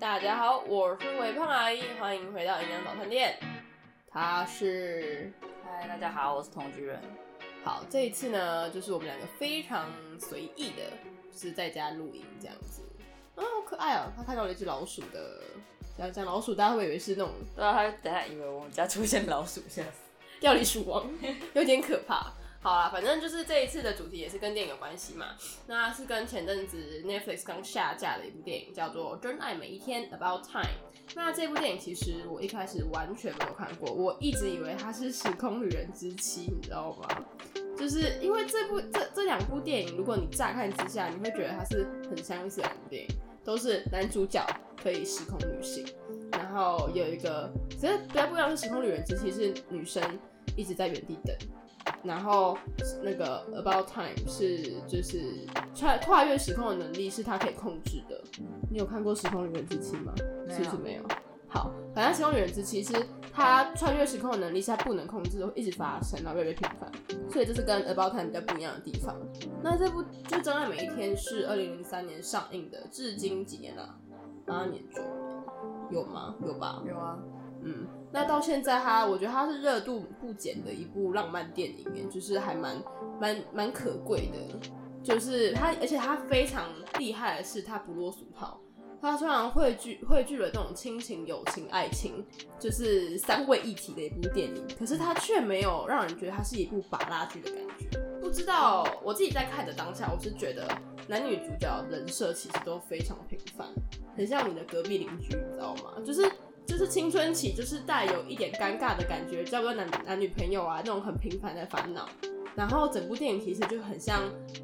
大家好，我是微胖阿姨，歡迎回到營養早餐店。他是，嗨，大家好，我是同居人。好，這一次呢，就是我們兩個非常隨意的，就是在家錄音這樣子。啊、哦，好可愛啊！他看到了一隻老鼠的，講講老鼠，大家會，會以為是那種，不知道、啊、他等下以為我們家出現老鼠，嚇死，掉一鼠網， 有點可怕。好啦，反正就是這一次的主題也是跟電影有關係嘛。那是跟前陣子 Netflix 剛下架的一部電影，叫做《真愛每一天》（About Time）。那這部電影其實我一開始完全沒有看過，我一直以為它是《時空旅人之妻》，你知道嗎？就是因為這部這這兩部電影，如果你乍看之下，你會覺得它是很相似的電影，都是男主角可以時空旅行，然後有一個，其實主要不一樣是《時空旅人之妻》，是女生一直在原地等。然後那個 about time 是就是穿，跨越時空的能力是他可以控制的。你有看過《時空旅人之妻》嗎？其實沒有。好，反正《時空旅人之妻》，其實他穿越時空的能力是他不能控制的，會一直發生，然後越來越頻繁。所以這是跟 about time 比較不一樣的地方。那這部就《真愛每一天》是二零零三年上映的，至今幾年了？八年左右。有嗎？有吧？有啊。嗯，那到現在它，我覺得它是熱度不減的一部浪漫電影耶，就是還蠻蠻蠻可貴的。就是它，而且它非常厲害的是，它不落俗套。它雖然匯聚匯聚了這種親情、友情、愛情，就是三位一體的一部電影，可是它卻沒有讓人覺得它是一部芭樂劇的感覺。不知道我自己在看的當下，我是覺得男女主角人設其實都非常平凡，很像你的隔壁鄰居，你知道嗎？就是。就是青春期，就是帶有一點尷尬的感覺，交個男男女朋友啊，那種很平凡的煩惱。然後整部電影其實就很像，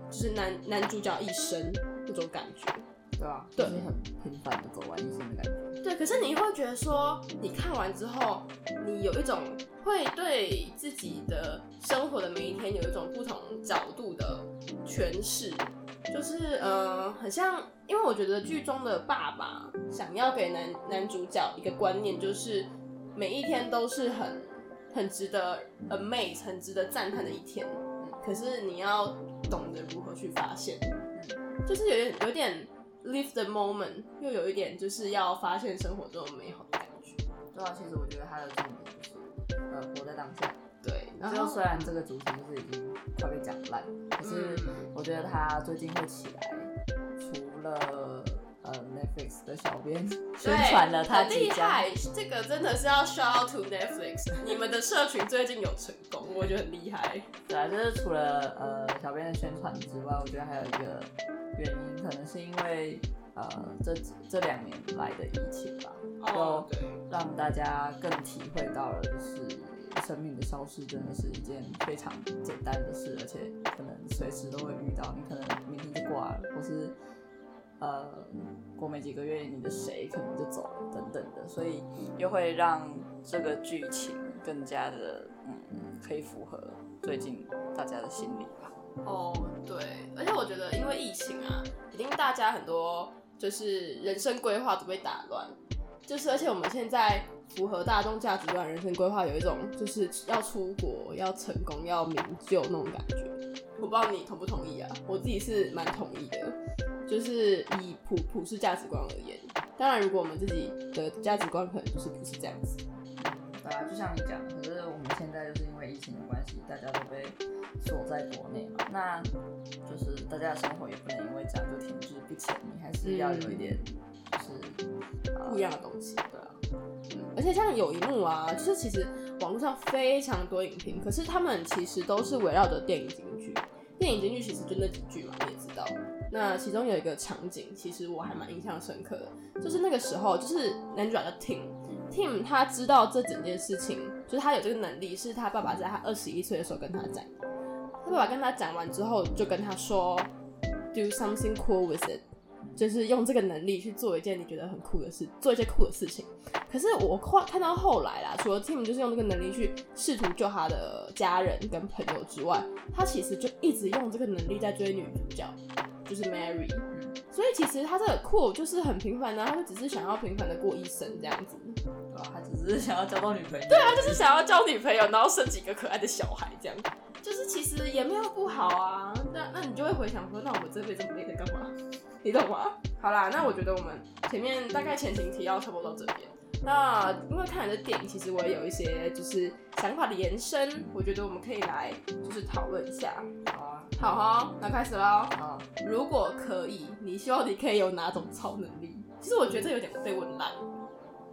就是男男主角一生那種感覺，對吧、啊？對，很平凡的走完一生的感覺。對，可是你會不會覺得說，你看完之後，你有一種會對自己的生活的每一天有一種不同角度的詮釋？就是呃，很像，因為我覺得劇中的爸爸想要給男男主角一個觀念，就是每一天都是很很值得 amaze、很值得讚嘆的一天。可是你要懂得如何去發現，就是有點有點 live the moment，又有一點就是要發現生活中的美好的感覺。對啊，其實我覺得他的重點就是呃，活在當下。對，然後雖然這個主題就是已經快被講爛，可是我覺得他最近會起來，除了呃 Netflix 的小編宣傳的很厲害，這個真的是要 shout out to Netflix， 你們的社群最近有成功，我覺得很厲害。對啊，就是除了呃小編的宣傳之外，我覺得還有一個原因，可能是因為呃這這兩年來的疫情吧，就、oh, 嗯、讓大家更體會到了、就是。生命的消失真的是一件非常簡單的事，而且可能隨時都會遇到你。你可能明天就掛了，或是呃，過沒幾個月你的誰可能就走了等等的，所以又會讓這個劇情更加的，嗯，可以符合最近大家的心理吧。哦、oh，對，而且我覺得因為疫情啊，已經大家很多就是人生規劃都被打亂。就是，而且我們現在符合大眾價值觀、人生規劃有一種就是要出國、要成功、要名就那種感覺。我不知道你同不同意啊？我自己是蠻同意的，就是以普普世價值觀而言。當然，如果我們自己的價值觀可能就是不是這樣子。嗯，對啊，就像你講，可是我們現在就是因為疫情的關係，大家都被鎖在國內嘛，那就是大家的生活也不能因為這樣就停滯不前，你還是要有一點，嗯。就是不一樣的東西，對啊、嗯。而且像有一幕啊，就是其實網絡上非常多影評，可是他們其實都是圍繞着電影金句。電影金句其實就那幾句嘛，你也知道。那其中有一個場景，其實我還蠻印象深刻的，就是那個時候，就是男主角 Tim，Tim、嗯、他知道這整件事情，就是他有這個能力，是他爸爸在他二十一歲的時候跟他講。他爸爸跟他講完之後，就跟他說，Do something cool with it。就是用這個能力去做一件你覺得很酷的事，做一些酷的事情。可是我看到後來啦，除了 Tim 就是用這個能力去試圖救他的家人跟朋友之外，他其實就一直用這個能力在追女主角，就是 Mary。所以其實他這個酷就是很平凡的啊，他只是想要平凡的過一生這樣子。對啊，他只是想要交到女朋友。對啊，就是想要交女朋友，然後生幾個可愛的小孩這樣。就是其實也沒有不好啊，那那你就會回想說，那我們這輩子這麼累在幹嘛？你懂嗎？好啦，那我覺得我們前面大概前情提要差不多到這邊。那因為看你的點，其實我也有一些就是想法的延伸，我覺得我們可以來就是討論一下。好啊，好哈，那開始嘍。如果可以，你希望你可以有哪種超能力？其實我覺得這有點被問爛。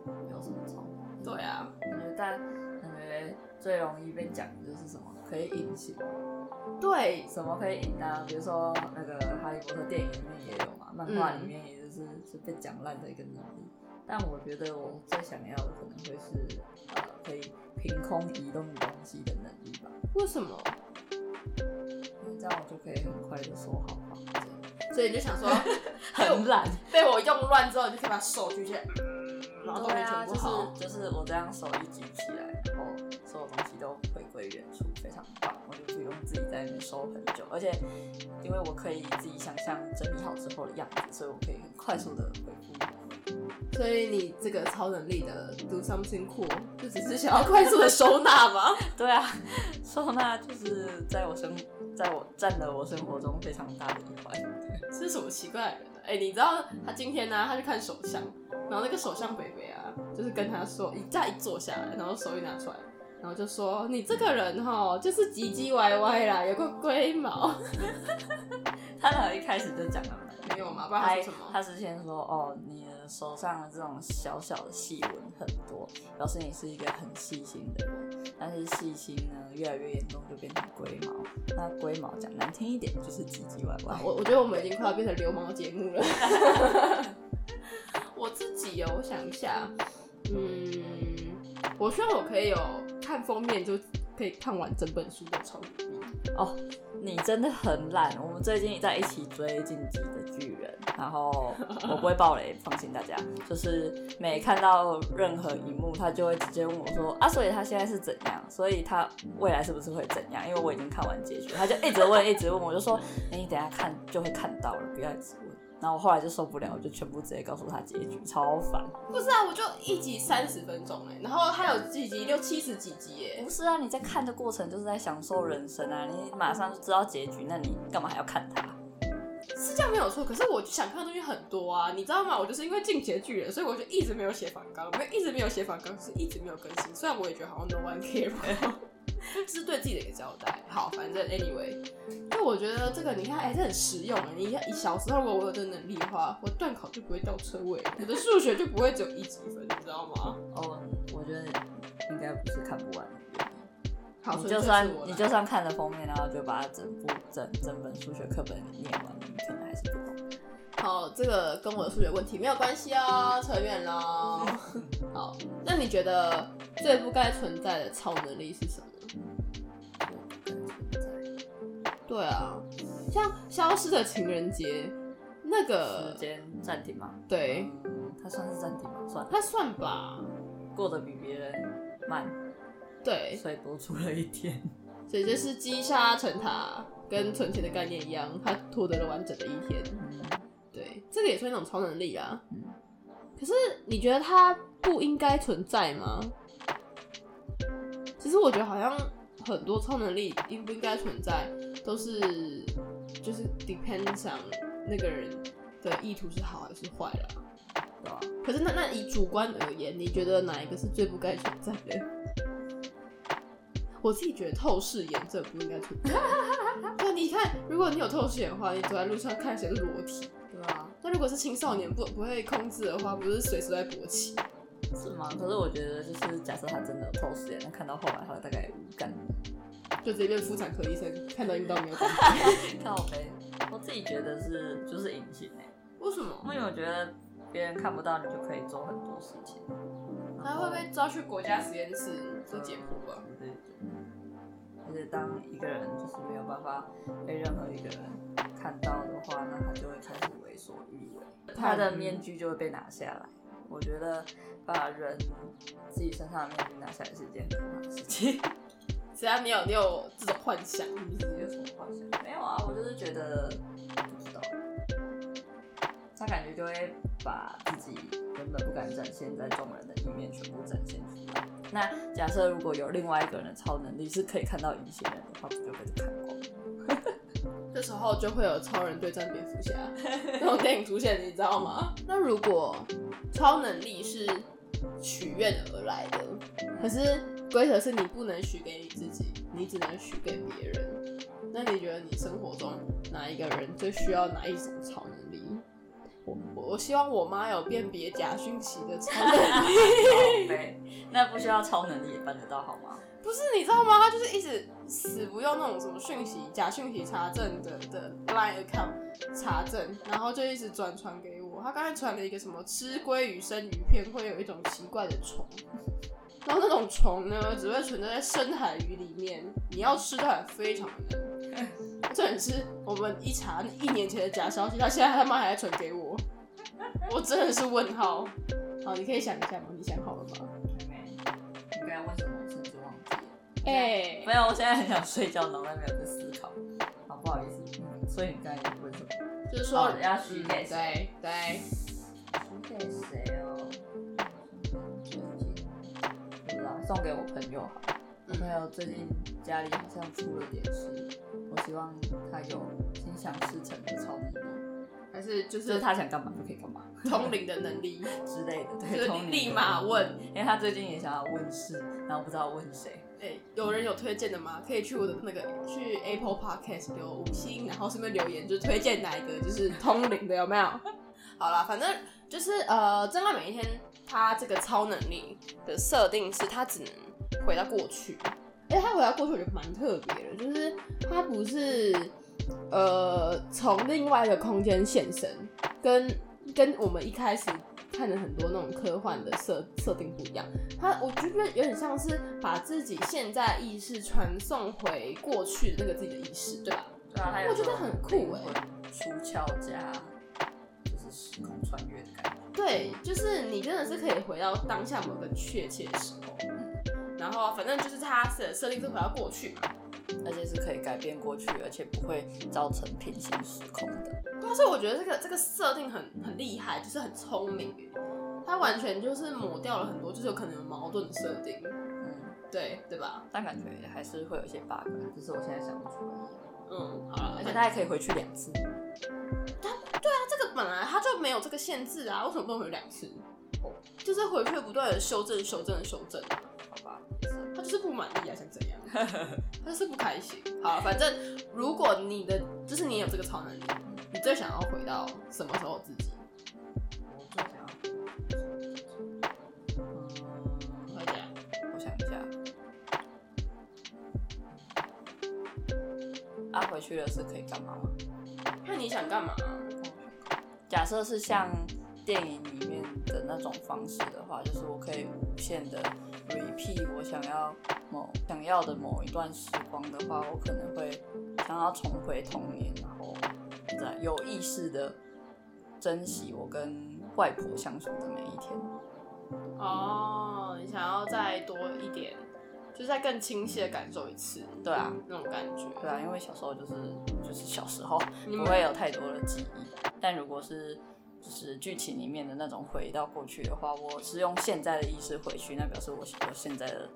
沒有什麼超能力？對啊，但覺得但感覺最容易被講的就是什麼？可以隱形，對，什麼可以隱呢、啊？比如說那個哈利波特電影裡面也有嘛，漫畫裡面也就是、嗯、是被講爛的一個能力。但我覺得我最想要的可能會是呃，可以憑空移動東西的能力吧。為什麼、嗯？這樣我就可以很快的收好房間。所以你就想說 很懶懶， 被我用亂之後，你就可以把手舉起來，然後東西全部好。啊、就是就是我這樣手一舉起來，然後所有東西都回歸原處。自己在裡面收很久，而且因為我可以自己想象整理好之後的樣子，所以我可以很快速的回復。所以你這個超能力的 do something cool 就只是想要快速的收納嗎？ 對啊，收納就是在我生在我佔了我生活中非常大的一塊。是什麼奇怪的人？哎、欸，你知道他今天呢、啊，他去看手相，然後那個手相伯伯啊，就是跟他說，一再一坐下來，然後手一拿出來。然後就說你這個人哈、哦，就是唧唧歪歪啦、嗯，有個龜毛。嗯、 他倆一開始就講到沒有嘛，還有什麼？哎、他之前說哦，你的手上的這種小小的細紋很多，表示你是一個很細心的人。但是細心呢，越來越嚴重，就變成龜毛。那龜毛講難聽一點，就是唧唧歪歪。啊、我我覺得我們已經快要變成流氓節目了。 我自己有、哦，我想一下嗯，嗯，我希望我可以有、哦。看封面就可以看完整本書的超哦！你真的很懶。我們最近也在一起追《進擊的巨人》，然後我不會暴雷，放心大家。就是每看到任何一幕，他就會直接問我說：“啊，所以他現在是怎樣？所以他未來是不是會怎樣？”因為我已經看完結局，他就一直問，一直問，我就說：“欸，你等一下看就會看到了，不要一直問。”然後我後來就受不了，我就全部直接告訴他結局，超煩。不是啊，我就一集三十分鐘哎、欸，然後還有幾集六七十幾集哎、欸。不是啊，你在看的過程就是在享受人生啊，你馬上就知道結局，嗯、那你幹嘛還要看它？是這樣沒有錯，可是我就想看的東西很多啊，你知道嗎？我就是因為進擊巨人，所以我就一直沒有寫訪綱。沒有一直沒有寫訪綱，是一直沒有更新。雖然我也覺得好像 no one care。 就 是對自己的一個交代。好，反正 anyway，因為我覺得這個你看，哎、欸，是很實用的。你看，一小時候如果我有這能力的話，我段考就不會掉車位，我的數學就不會只有一級分，你知道嗎？ 哦，我覺得應該不是看不完。好，你就算就你就算看了封面，然後就把整部整整本數學課本念完，你可能還是不懂。好，這個跟我的數學問題沒有關係哦、喔，扯遠了。 好，那你覺得最不該存在的超能力是什麼？對啊，像消失的情人節，那個時間暫停嗎？對，他、嗯、算是暫停算他算吧，過得比別人慢，對，所以多出了一天，所以這是積沙成塔，跟存錢的概念一樣，他獲得了完整的一天，對，這個也算一種超能力啊。嗯、可是你覺得它不應該存在嗎？其實我覺得好像。很多超能力應不應該存在，都是就是 depends on 那個人的意圖是好還是壞啦，對吧、啊？可是那那以主觀而言，你覺得哪一個是最不該存在的？ 我自己覺得透視眼這不應該存在。那 你看，如果你有透視眼的話，你走在路上看到誰是裸體，對吧、啊？那如果是青少年不不會控制的話，不是隨時在勃起。是嗎？可是我覺得就是假設他真的有透視眼，看到後來他大概也無感。就這邊婦產科醫生看到遇到沒有？看到唄。我自己覺得是就是隱形、欸、為什麼？因為我覺得別人看不到你就可以做很多事情。他、啊、會被抓去國家實驗室做、欸、解剖吧。對是而且當一個人就是沒有辦法被、欸、任何一個人看到的話，那他就會開始為所欲為。他的面具就會被拿下來。嗯、我覺得把人自己身上的面具拿下來是件很好的事情。 只要你有你有這種幻想，你有什麼幻想？沒有啊，我就是覺得，不知道，他感覺就會把自己根本不敢展現在眾人的一面全部展現出來。那假設如果有另外一個人的超能力是可以看到隱形人的話，不就被看光了？ 這時候就會有超人對戰蝙蝠俠那種電影出現，你知道嗎？那如果超能力是許願而來的，可是。規則是你不能許給你自己，你只能許給別人。那你覺得你生活中哪一個人最需要哪一種超能力？我我希望我媽有辨別假訊息的超能力 超。那不需要超能力也辦得到好嗎？不是，你知道嗎？她就是一直死不用那種什麼訊息、假訊息查證的的 line account 查證，然後就一直轉傳給我。她剛才傳了一個什麼吃鮭魚生魚片會有一種奇怪的蟲。然後那種蟲呢，只會存在在深海魚裡面，你要吃它非常難。真 的是，我們一查那一年前的假消息，他現在他媽還在傳給我，我真的是問號。好，你可以想一下嗎？你想好了嗎？沒，你剛剛問什麼？我甚至忘記了。哎、欸，沒有，我現在很想睡覺，腦袋沒有在思考。好不好意思？所以你剛剛問什麼？就是說，對、oh, 對。許給誰哦。送給我朋友，我朋友最近家裡好像出了點事，我希望他有心想事成的超能力，還是就，是就是他想幹嘛就可以幹嘛，通靈的能力 之類的，對，所以立馬問，因為他最近也想要問事，然後不知道問誰、欸，有人有推薦的嗎？可以去我的那個去 Apple Podcast 留五星，然後順便留言，就推薦哪一個就是通靈的有沒有？ 好了，反正就是呃，真愛每一天。他這個超能力的設定是，他只能回到過去。哎、欸，他回到過去，我覺得蠻特別的，就是他不是呃從另外一個空間現身，跟跟我們一開始看的很多那種科幻的設設定不一樣。他我覺得有點像是把自己現在的意識傳送回過去的那個自己的意識，對吧？對啊，我覺得很酷、欸。出竅家。就是時空穿越的感覺。對，就是你真的是可以回到當下某個確切的時候，然後反正就是他的設定是回到過去嘛，而且是可以改變過去，而且不會造成平行時空的。對啊，所以我覺得這個這個設定很很厲害，就是很聰明，它完全就是抹掉了很多，就是有可能矛盾的設定。對，對吧？但感覺還是會有一些 bug，就是我現在想不出來。嗯，好了，而且他還可以回去兩次。對啊。對啊沒有這個限制啊，為什麼不能回兩次？Oh. 就是回去不斷的修正、修正、修正，好吧，也是，他就是不滿意啊，想怎樣？ 他就是不開心。好、啊、反正如果你的，就是你有這個超能力，你最想要回到什麼時候自己？我這樣，快點，我想一下。啊，回去的是可以幹嘛嗎？那你想幹嘛？假設是像電影裡面的那種方式的話，就是我可以無限的 repeat 我想要某想要的某一段時光的話，我可能會想要重回童年，然後再有意識的珍惜我跟外婆相處的每一天。哦，你想要再多一點。就是再更清晰的感受一次，嗯、對啊、嗯，那種感覺，對啊，因為小時候就是就是小時候不會有太多的記憶，但如果是就是劇情裡面的那種回到過去的話，我是用現在的意識回去，那表示我我現在的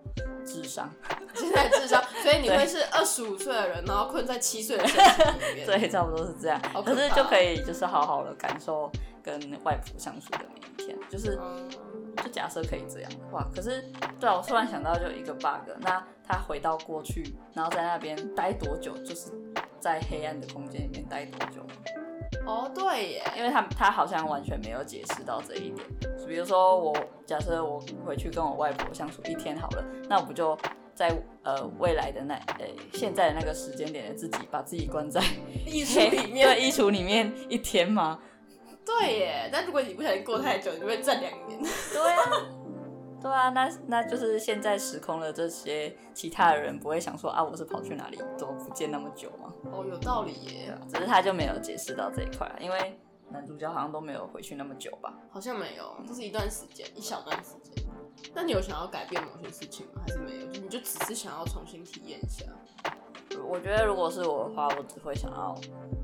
智商，現在的智商，所以你會是二十五歲的人，然後困在七歲的人裡面， 對，差不多是這樣可、啊，可是就可以就是好好的感受跟外婆相處的每一天，就是。嗯就假設可以這樣哇，可是對啊，我突然想到就有一個 bug，那他回到過去，然後在那邊待多久，就是在黑暗的空間裡面待多久？哦，對耶，因為他他好像完全沒有解釋到這一點。比如說我假設我回去跟我外婆相處一天好了，那我不就在呃未來的那呃、欸、現在的那個時間點的自己把自己關在衣 櫥 裡面衣櫥裡面一天嗎？對耶，但如果你不小心過太久，你就會站兩年。 對啊，對啊，那那就是現在時空的這些其他人不會想說啊，我是跑去哪裡，怎麼不見那麼久嗎？哦，有道理耶。只是他就沒有解釋到這一塊，因為男主角好像都沒有回去那麼久吧？好像沒有，就是一段時間，嗯，一小段時間。那你有想要改變某些事情嗎？還是沒有？就你就只是想要重新體驗一下。我覺得如果是我的話，我只會想要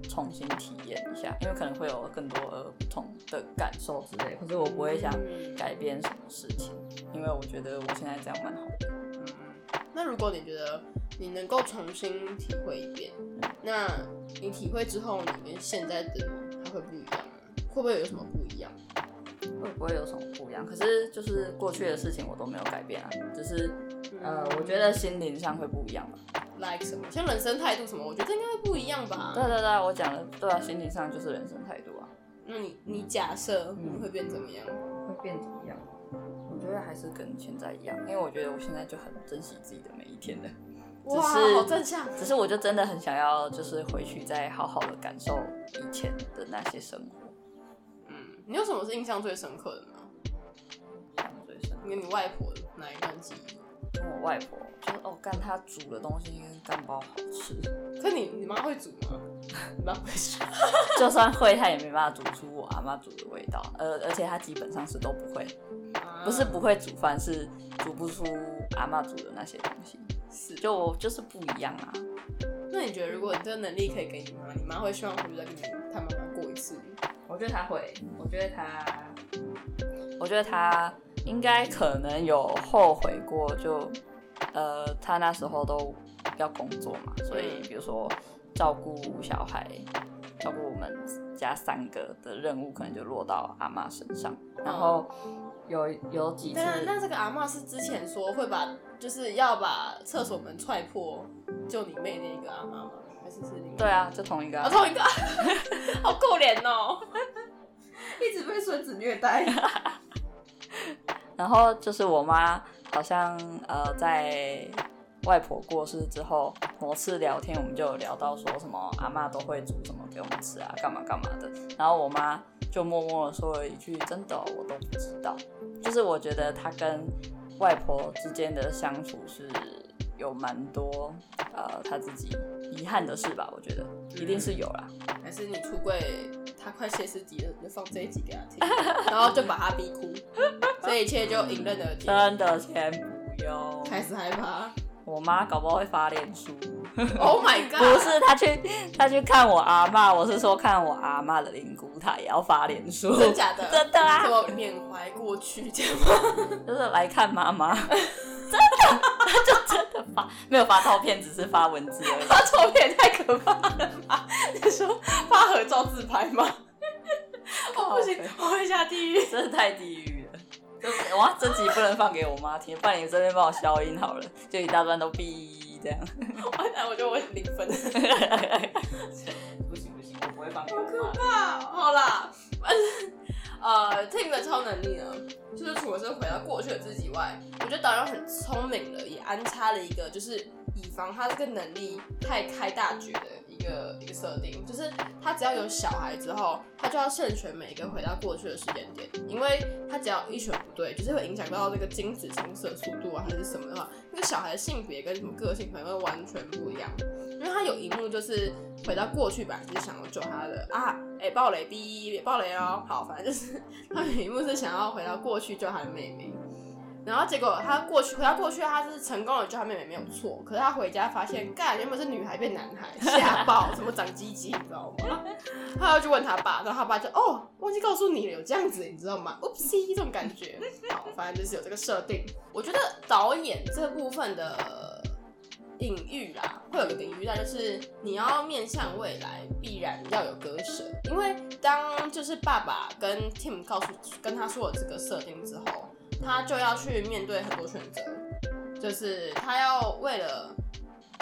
重新體驗一下，因為可能會有更多不同的感受之類。可是我不會想改變什麼事情，因為我覺得我現在這樣蠻好的。嗯，那如果你覺得你能夠重新體會一遍，嗯，那你體會之後，你跟現在的還會不一樣嗎？會不會有什麼不一樣？會不會有什麼不一樣？可是就是過去的事情我都沒有改變啊，嗯、只是呃，我覺得心靈上會不一樣吧。like 什麼，像人生態度什麼，我覺得這應該會不一樣吧。嗯、對對對，我講的，對啊，心理上就是人生態度啊。那你你假設會變怎麼樣？嗯、會變怎麼樣，我覺得還是跟現在一樣，因為我覺得我現在就很珍惜自己的每一天的。哇，好正向。只是我就真的很想要，就是回去再好好的感受以前的那些生活。嗯，你有什麼是印象最深刻的嗎？印象最深刻，跟你，你外婆哪一段記憶？我外婆就是、哦，干她煮的東西跟干包好吃。那你你媽會煮嗎？你媽會煮， 就算會，她也沒辦法煮出我阿媽煮的味道。而、呃、而且她基本上是都不會，啊、不是不會煮飯，反正是煮不出阿媽煮的那些東西，是就就是不一樣啊。那你覺得，如果你這能力可以給你媽，你媽會希望回去再跟你她媽媽過一次？我覺得她會，我覺得她， 我覺得她。應該可能有後悔過就，就呃，他那時候都要工作嘛，所以比如說照顧小孩、照顧我們家三個的任務，可能就落到阿媽身上。然後有、嗯、有，有幾次、嗯，那這個阿媽是之前說會把，就是要把廁所門踹破救你妹那個阿媽嗎？還是是你？對啊，就同一個，啊、哦，同一個， 好可憐哦， 一直被孫子虐待。 然後就是我媽，好像呃，在外婆過世之後，某次聊天，我們就聊到說什麼阿嬤都會煮什麼給我們吃啊，幹嘛幹嘛的。然後我媽就默默的說了一句：“真的、哦，我都不知道。”就是我覺得她跟外婆之間的相處是有蠻多呃，她自己遺憾的事吧。我覺得、嗯、一定是有啦。還是你出櫃，她快歇斯底里了，就放這一集給她聽，嗯、 然後就把她逼哭。這一切就迎刃而解，真的先不用，開始害怕。我媽搞不好會發臉書。 Oh my god！不是，她去她去看我阿嬤，我是說看我阿嬤的靈骨塔也要發臉書，真的假的？真的啊！我緬懷過去， 就是來看媽媽， 真的， 就真的發，沒有發照片，只是發文字而已。發照片也太可怕了吧？你說發合照自拍嗎？ 我不行，okay。我會下地獄，真的太地獄。 哇，這集不能放給我媽聽，放你這邊幫我消音好了，就一大段都嗶這樣。完蛋，我覺得我零分。不行不行，我不會放給你。好可怕，啊、好啦。呃 Tim 的超能力呢，就是除了是回到過去的自己外，我覺得導演很聰明的，也安插了一個，就是以防他這個能力太開大局的。一個一個設定，就是他只要有小孩之後，他就要慎選每一個回到過去的時間點，因為他只要一選不對，就是會影響到這個精子增色速度啊，還是什麼的話，那個小孩的性別跟什麼個性可能會完全不一樣。因為他有一幕就是回到過去吧，就是想要救他的啊，哎、欸、暴雷逼、欸、暴雷哦，好，反正就是他有一幕是想要回到過去救他的妹妹。然後結果他過去，可他過去他是成功了，就他妹妹沒有錯。可是他回家發現， 幹原本是女孩變男孩嚇爆，什麼長雞雞，你知道嗎？ 他又去問他爸，然後他爸就哦，忘記告訴你了，有這樣子，你知道嗎？Oopsie 這種感覺。 好，反正就是有這個設定。 我覺得導演這部分的隱喻啊，會有一個隱喻，但就是你要面向未來，必然要有割捨。因為當就是爸爸跟 Tim 告訴跟他說了這個設定之後。他就要去面對很多選擇，就是他要為了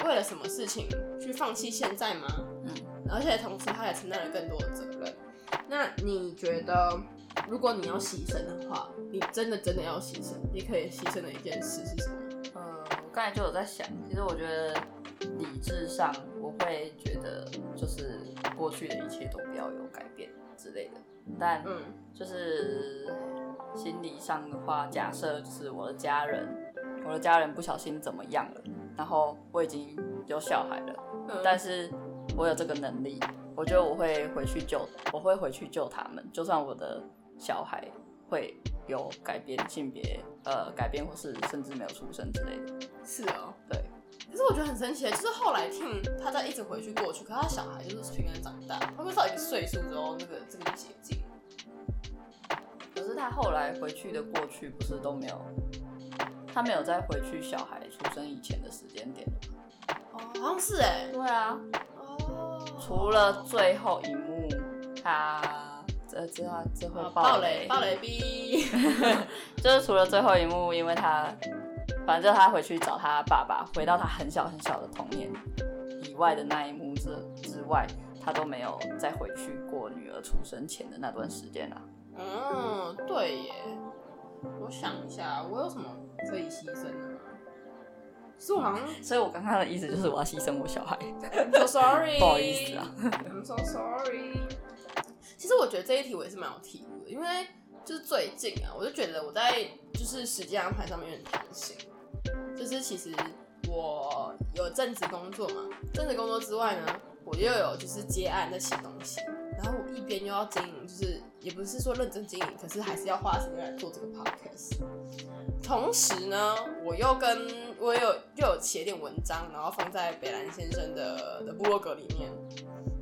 為了什麼事情去放棄現在嗎？嗯，而且同時他也承擔了更多的責任。那你覺得，如果你要犧牲的話，你真的真的要犧牲，你可以犧牲的一件事是什麼？呃，我剛才就有在想，其實我覺得理智上我會覺得，就是過去的一切都不要有改變之類的。但嗯，就是心理上的話，假設是我的家人，我的家人不小心怎麼樣了，然後我已經有小孩了，嗯，但是我有這個能力，我覺得我會回去救，我會回去救他們，就算我的小孩會有改變性別，呃，改變或是甚至沒有出生之類的。是哦，對。可是我覺得很神奇的，就是後來聽他在一直回去過去，可他小孩就是平安長大，他到一個歲數之後，那個這個解禁。可是他後來回去的過去不是都沒有，他沒有再回去小孩出生以前的時間點哦，好像是哎，對啊，哦，除了最後一幕，他這、呃、最後最後爆雷，爆雷，爆雷逼， 就是除了最後一幕，因為他。反正就他回去找他爸爸，回到他很小很小的童年以外的那一幕之之外，他都沒有再回去過女兒出生前的那段時間了、啊。嗯，對耶。我想一下，我有什麼可以犧牲的嗎？所以我好像……所以我剛剛的意思就是我要犧牲我小孩。 I'm so sorry， 不好意思啊。I'm so sorry。其實我覺得這一題我也是蠻有題目的，因為就是最近啊，我就覺得我在就是時間安排上面有點貪心。就是其實我有正職工作嘛，正職工作之外呢，我又有就是接案那些東西，然後我一邊又要經營，就是也不是說認真經營，可是還是要花時間來做這個 podcast。同時呢，我又跟我又又有寫點文章，然後放在北蘭先生的的部落格裡面。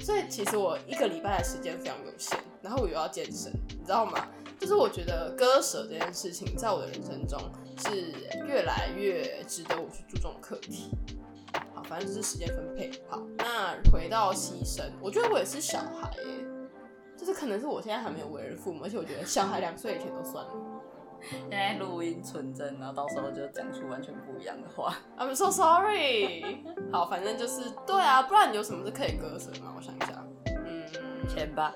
所以其實我一個禮拜的時間非常有限，然後我又要健身，你知道嗎？就是我覺得割捨這件事情，在我的人生中是越來越值得我去注重課題。好，反正就是時間分配。好，那回到犧牲，我覺得我也是小孩耶、欸，就是可能是我現在還沒有為人父母，而且我覺得小孩兩歲以前都算了。現在錄音純真，然後到時候就講出完全不一樣的話。I'm so sorry。 好，反正就是對啊，不然你有什麼是可以割捨的嗎？我想一下，嗯，錢吧。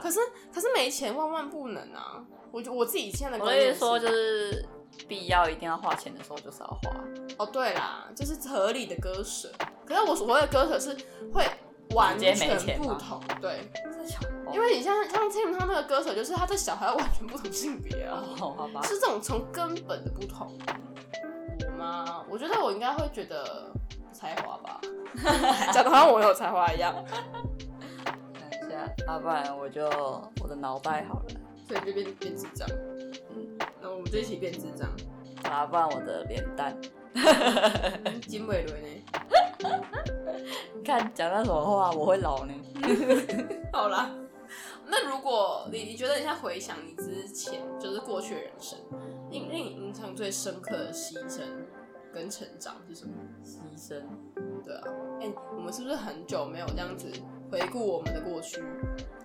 可是可是沒錢，萬萬不能啊！我我自己現在跟你說，就是必要一定要花錢的時候就是要花、啊。哦，對啦，就是合理的割捨。可是我所謂的割捨是會完全不同，對，因為你像像 Tim 他那個割捨，就是他的小孩完全不同性別啊、oh, 好吧，是這種從根本的不同。我嗎？我覺得我應該會覺得才華吧，講 的 好像我有才華一樣。 要、啊、不然我就我的腦袋好了，所以就變變智障。嗯，那我們就一起變智障。要、啊、不然我的臉蛋。哈哈哈哈哈。哈哈哈。看講到什麼話我會老呢？ 好啦，那如果你你覺得你在回想你之前就是過去的人生，印、嗯、令你印象、嗯、最深刻的犧牲跟成長是什麼？犧牲。對啊。哎、欸，我們是不是很久沒有這樣子？回顧我們的過去，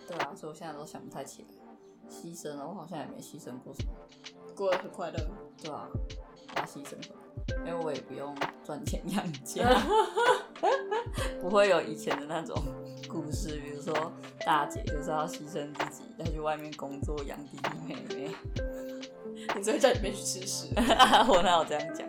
對啊，所以我現在都想不太起來。犧牲了，我好像也沒犧牲過什麼，過得很快樂。對啊，我犧牲什麼？因為我也不用賺錢養家， 不會有以前的那種故事，比如說大姐就是要犧牲自己，要去外面工作養弟弟妹妹。 你只會叫你妹去吃屎， 我哪有這樣講？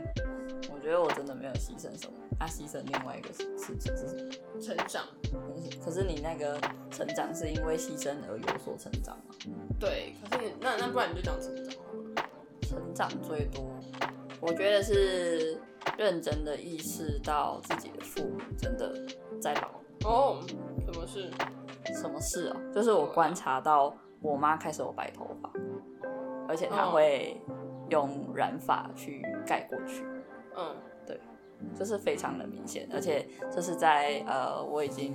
我覺得我真的沒有犧牲什麼。他、啊、犧牲另外一個事情是什麼？成長。可是，可是你那個成長是因為犧牲而有所成長嗎？對。可是你，那那不然你就講成長、嗯。成長最多，我覺得是認真的意識到自己的父母真的在老。哦，什麼事？什麼事啊、喔？就是我觀察到我媽開始有白頭髮，而且她會用染髮去蓋過去。哦、嗯。就是非常的明顯，而且這是在呃，我已經，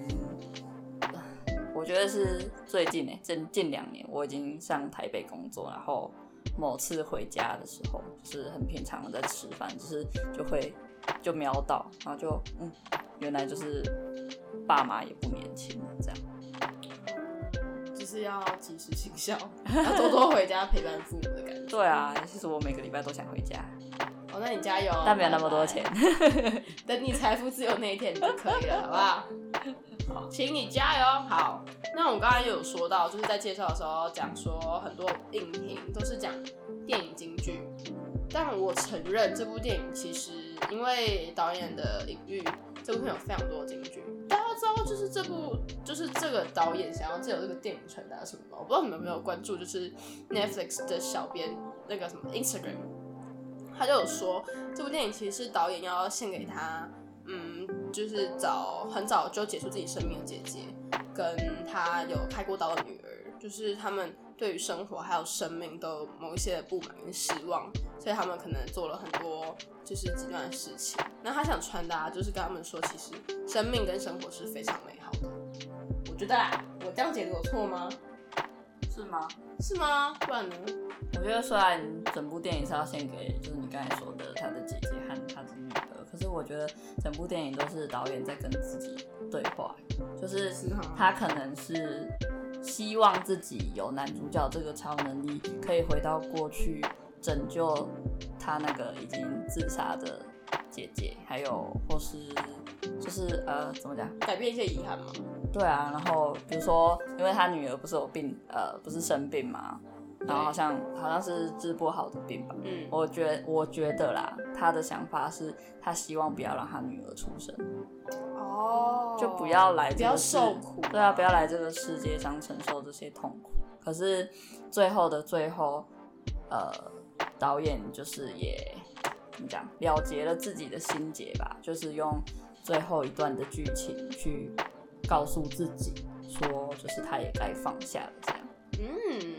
我覺得是最近呢、欸，近近兩年，我已經上台北工作，然後某次回家的時候，就是很平常的在吃飯，就是就會就瞄到，然後就嗯，原來就是爸媽也不年輕了，這樣，就是要及時行孝，要多多回家陪伴父母的感覺。 對啊，其實我每個禮拜都想回家。哦，那你加油！但沒有那麼多錢， 等你財富自由那一天就可以了，好不好？ 好，請你加油。好，那我們剛才有說到，就是在介紹的時候講說很多影評都是講電影金句，但我承認這部電影其實因為導演的領域，這部片有非常多的金句。大家知道，就是這部就是這個導演想要借由這個電影傳達什麼？我不知道你們有沒有關注，就是 Netflix 的小編那個什麼 Instagram。他就有說，這部電影其實是導演要獻給他，嗯，就是早很早就結束自己生命的姐姐，跟他有開過刀的女兒，就是他們對於生活還有生命都某一些不滿跟失望，所以他們可能做了很多就是極端的事情。那他想傳達就是跟他們說，其實生命跟生活是非常美好的。我覺得啦，我這樣解讀有錯嗎？是嗎？是嗎？不然呢？我覺得雖然整部電影是要獻給就是你剛才說的他的姐姐和他的女兒，可是我覺得整部電影都是導演在跟自己對話，就是他可能是希望自己有男主角這個超能力，可以回到過去拯救他那個已經自殺的姐姐，還有或是就是呃怎麼講，改變一些遺憾嘛？對啊，然後比如說因為他女兒不是有病呃不是生病嘛。然後好像好像是治不好的病吧。嗯，我覺得我覺得啦，他的想法是他希望不要讓他女兒出生，哦，就不要來這個，不要受苦。對啊，不要來這個世界上承受這些痛苦。可是最後的最後，呃，導演就是也怎麼講，了結了自己的心結吧，就是用最後一段的劇情去告訴自己，說就是他也該放下了這樣。嗯。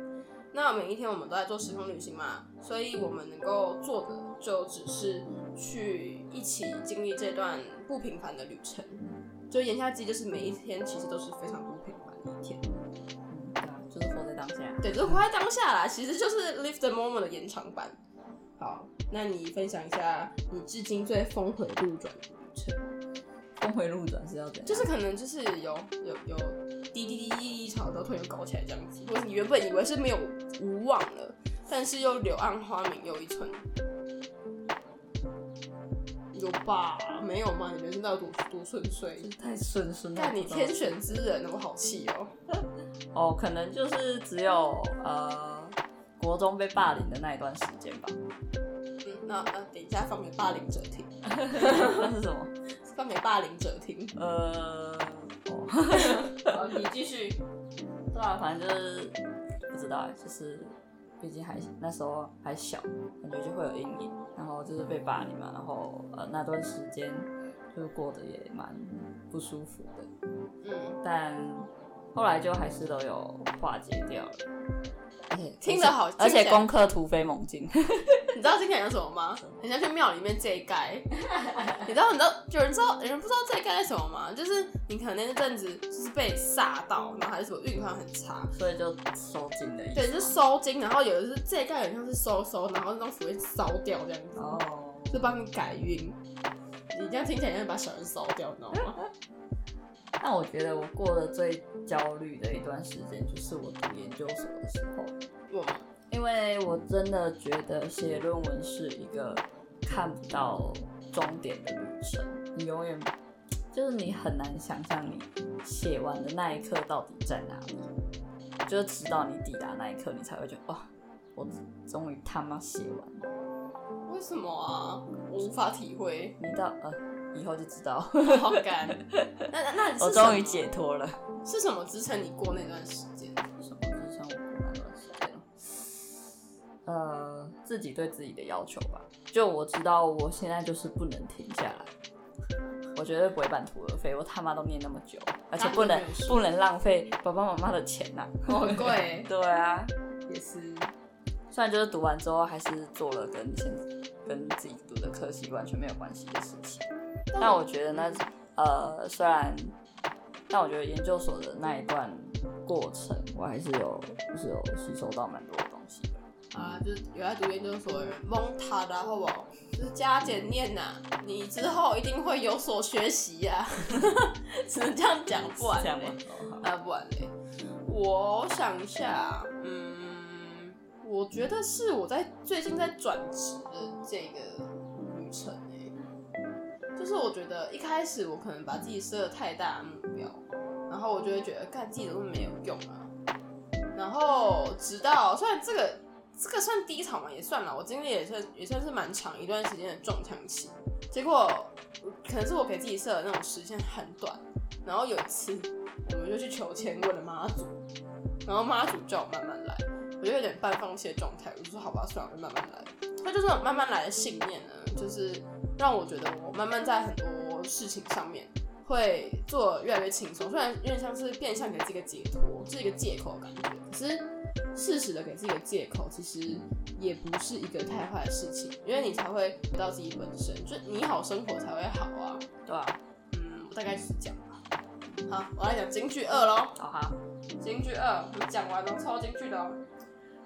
那每一天我們都在做時空旅行嘛，所以我們能夠做的就只是去一起經歷這段不平凡的旅程。就眼下去，就是每一天其實都是非常不平凡的一天，就是活在當下。對，就是活在當下啦，其實就是 live the moment 的延長版。好，那你分享一下你至今最峰回路轉的旅程。峰迴路轉是要怎樣？就是可能就是有有有，有滴滴滴滴滴吵的時候突然搞起來這樣子，或者 你原本以為是沒有無望了，但是又柳暗花明又一村，有吧？沒有嗎？你人生到底多順遂？太順順了。但你天選之人那麼好氣、喔，我好氣哦。哦，可能就是只有呃國中被霸凌的那一段時間吧。呃、啊，等一下放給霸凌者聽， 是放給霸凌者聽 那是什麼？ 是放給霸凌者聽。呃，哦， 啊、你繼續。對，反正就是、嗯、不知道，就是畢竟還那時候還小，感覺就會有陰影。然後就是被霸凌嘛，然後呃，那段時間就是過得也蠻不舒服的。嗯，但。後來就還是都有化解掉了，而且聽着好聽，而且功課突飛猛進。 你知道今天有什麼嗎？人 家去廟裡面祭改，你知道你知道，有人知道有人不知道祭改是什麼嗎？就是你可能那陣子就是被煞到，嗯，然後還是什麼運況很差，所以就收驚的意思。對，就是，收驚，然後有的是祭改像是收收，然後那種符會燒掉這樣子。哦。就幫你改運。你這樣聽起來像把小人燒掉，你知道嗎？ 但我覺得我過得最焦慮的一段時間就是我讀研究所的時候，因為我真的覺得寫論文是一個看不到終點的旅程，你永遠就是你很難想象你寫完的那一刻到底在哪裡，就是直到你抵達那一刻，你才會覺得哦，我終於他媽寫完了。為什麼啊？我無法體會。你到呃。以後就知道，好、哦、幹。那那 我終於解脫了。是什麼支撐你過那段時間？什麼支撐我過那段時間？呃，自己對自己的要求吧。就我知道，我現在就是不能停下來。 我絕對不會半途而廢。我他媽都念那麼久，而且不能,、啊、不,能不能浪費爸爸媽媽的錢吶、啊哦。很貴。 對啊，也是。雖然就是讀完之後，還是做了跟現跟自己讀的科系完全沒有關係的事情。但我覺得那，那呃，雖然，但我覺得研究所的那一段過程，我還是有，是有吸收到蠻多的東西的。啊，就是有在讀研究所的人蒙他，然後哦，就是加減念吶，啊，你之後一定會有所學習啊， 只能這樣講 不完嘞呢， 啊不完嘞。我想一下，嗯，我覺得是我在最近在轉職的這個旅程。就是我覺得一開始我可能把自己設了太大的目標，然後我就會覺得幹自己的都沒有用啊。然後直到雖然這個這個算低潮嘛，也算了，我經歷也算也算是蠻長一段時間的撞牆期。結果可能是我給自己設的那種時間很短。然後有一次我們就去求籤問了媽祖，然後媽祖叫我慢慢來，我就有點半放棄的狀態。我就說好吧，算了，就慢慢來。他就這種慢慢來的信念呢，就是。讓我覺得我慢慢在很多事情上面會做越來越輕鬆，雖然有點像是變相給自己一個解脫，是、這、一個借口感覺，可是適時的給自己一個借口，其實也不是一個太壞的事情，因為你才會回到自己本身就你好，生活才會好啊，對吧、啊？嗯，我大概是講，好，我來講金句二咯好哈，金句二，我講完了、哦，超金句的、哦。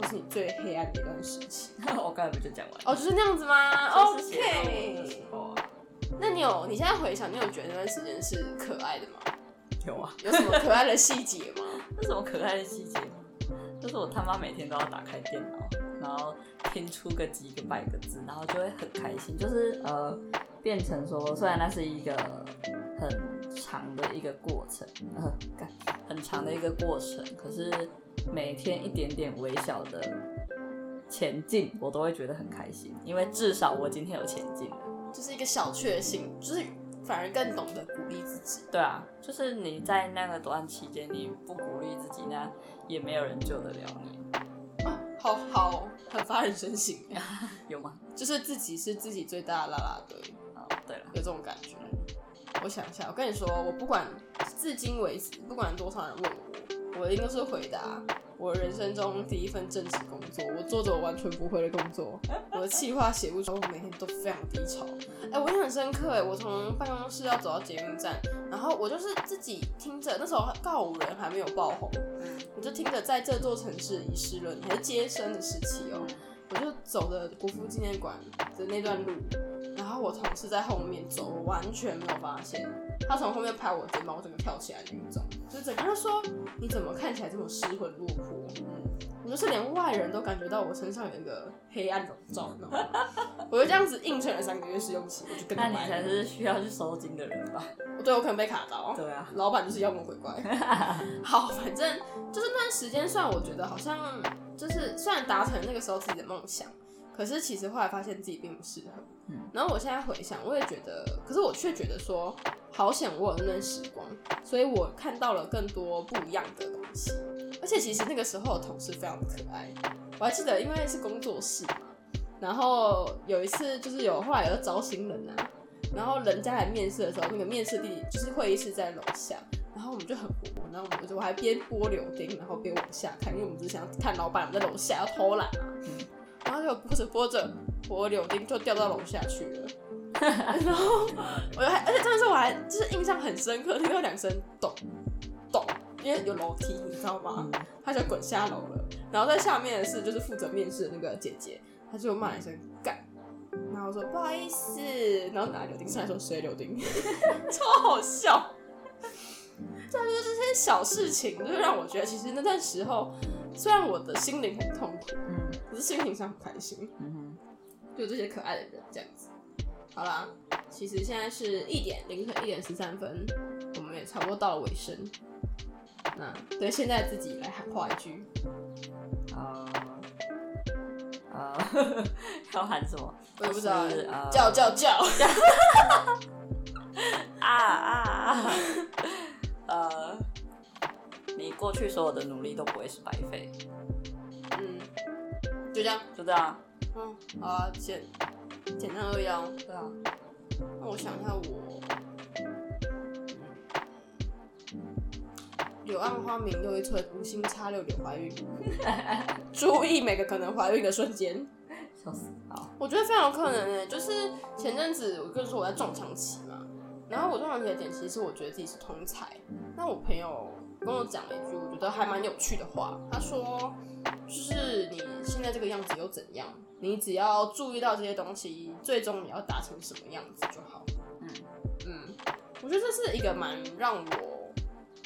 就是你最黑暗的一段時期， 我剛才不就講完？哦，就是那樣子嗎？就是的時候啊？OK。那你有，你現在回想，你有覺得那段時間是可愛的嗎？有啊。 有什麼可愛的細節嗎？有 什麼可愛的細節嗎？就是我他媽每天都要打開電腦，然後拼出個幾個、百個字，然後就會很開心。 就是呃。變成說，雖然那是一個很長的一個過程，很長的一個過程，可是每天一點點微小的前進，我都會覺得很開心，因為至少我今天有前進，就是一個小確幸，就是反而更懂得鼓勵自己。對啊，就是你在那個短期間你不鼓勵自己呢，那也沒有人救得了你。啊，好好，很發人深省、啊， 有嗎？就是自己是自己最大的拉拉隊。有這種感覺，我想一下，我跟你說，我不管，至今為止，不管多少人問我，我一定都是回答，我人生中第一份正式工作，我做着我完全不會的工作，我的企劃寫不出，我每天都非常低潮。哎、欸，我印象很深刻、欸，哎，我從辦公室要走到捷運站，然後我就是自己聽着，那時候告五人還沒有爆紅，我就聽着在這座城市遺失了你，還是接生的時期哦、喔，我就走着國父紀念館的那段路。嗯然後我同事在後面走，我完全沒有發現他從後面拍我肩膀，我整個跳起來那種，就整個人說：“你怎麼看起來這麼失魂落魄？你、嗯、就是連外人都感覺到我身上有一個黑暗籠罩。 ”我就這樣子硬撐了三個月試用期，我就跟老闆才是需要去收驚的人吧？我對，我可能被卡到。對啊，老闆就是妖魔鬼怪。 好，反正就是那段時間算，我覺得好像就是雖然達成那個時候自己的夢想。可是其實後來發現自己並不適合，然後我現在回想，我也覺得，可是我卻覺得說好想我有那時光，所以我看到了更多不一樣的東西。而且其實那個時候的同事非常可愛，我還記得，因為是工作室嘛，然後有一次就是有後來有招新人啊，然後人家來面試的時候，那個面試地就是會議室在樓下，然後我們就很活潑，然後我們就我還邊剝柳丁，然後邊往下看，因為我們只想看老闆在樓下偷懶嘛。嗯然後就剝著剝著，我柳丁就掉到樓下去了。 然後我還，而且真的是我還就是印象很深刻，聽到兩聲咚咚，因為有樓梯，你知道嗎？嗯、他就滾下樓了。然後在下面的是就是負責面試的那個姐姐，他就罵一聲幹，然後我說不好意思，然後拿柳丁上來說誰柳丁， 超好笑。但 就是這些小事情，就是、讓我覺得其實那段時候。雖然我的心靈很痛苦，嗯，可是心情上很開心，嗯哼，就這些可愛的人這樣子。好啦，其實現在是一點凌晨一點十三分，我們也差不多到了尾聲。那對，現在自己來喊一句，啊、呃，啊、呃，要喊什麼？我也不知道、呃呃，叫叫叫，啊 啊啊，啊啊 呃。你過去所有的努力都不會是白費。嗯，就這樣，就這樣。嗯，好啊，簡簡單扼要。對啊，那我想一下我，我柳暗花明又一村，無心插柳柳，懷孕， 注意每個可能懷孕的瞬間。笑死啊！我覺得非常有可能誒、欸，就是前陣子我跟你說我在撞牆期嘛，然後我撞牆期的點其實我覺得自己是通才，那我朋友。嗯、跟我講了一句我覺得還蠻有趣的話，他說就是你現在這個樣子又怎樣？你只要注意到這些東西，最終你要達成什麼樣子就好。嗯嗯，我覺得這是一個蠻讓我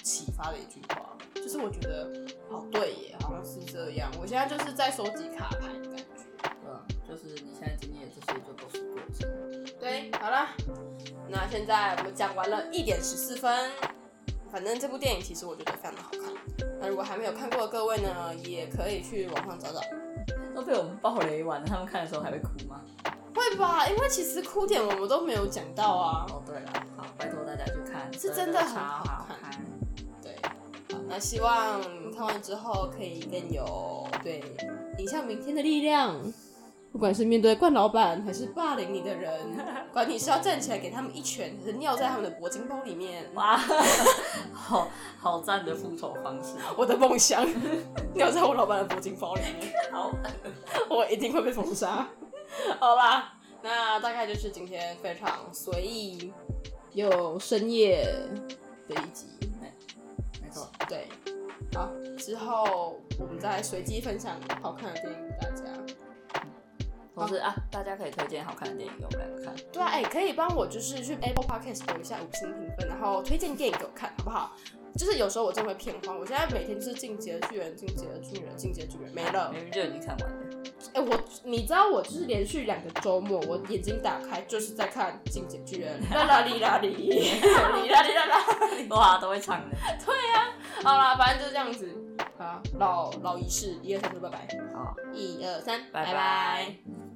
啟發的一句話，嗯、就是我覺得好、哦、對耶，好像是這樣。我現在就是在收集卡牌的感覺。嗯，就是你現在經歷的這些，就都是過程。對，好了，那現在我們講完了一點十四分。反正這部電影其實我覺得非常的好看，那如果還沒有看過的各位呢，也可以去網上找找。都被我們爆雷完了，他們看的時候還會哭嗎？會吧，因為其實哭點我們都沒有講到啊、嗯。哦，對了，好，拜托大家去看，是真的很好看。對，對好，對好，那希望看完之後可以更有對影像明天的力量。不管是面對冠老闆還是霸凌你的人，管你是要站起來給他們一拳，還是尿在他們的鉑金包裡面。哇，好好讚的復仇方式啊，我的夢想， 尿在我老闆的鉑金包裡面。 好，我一定會被封殺。 好吧，那大概就是今天非常隨意又深夜的一集。沒錯， Nice. Nice. 對，好，之後我們再來隨機分享好看的電影給大家。同時、哦、啊，大家可以推薦好看的電影給我們看。對啊，哎、欸，可以幫我就是去 Apple Podcast 給一下五星評分，然後推薦電影給我看，好不好？就是有時候我真的會片荒，我現在每天就是《進擊的巨人》《進擊的巨人》《進擊的巨人》《進擊的巨人》沒了，哎、啊，明明就已經看完了。哎、欸，我，你知道我就是連續兩個周末，我眼睛打開就是在看《進擊的巨人》。啦哩啦哩，啦哩啦哇，都會唱的。對呀、啊，好啦，反正就是這樣子。好，老老儀式，一二三，拜拜。好，一二三，拜拜。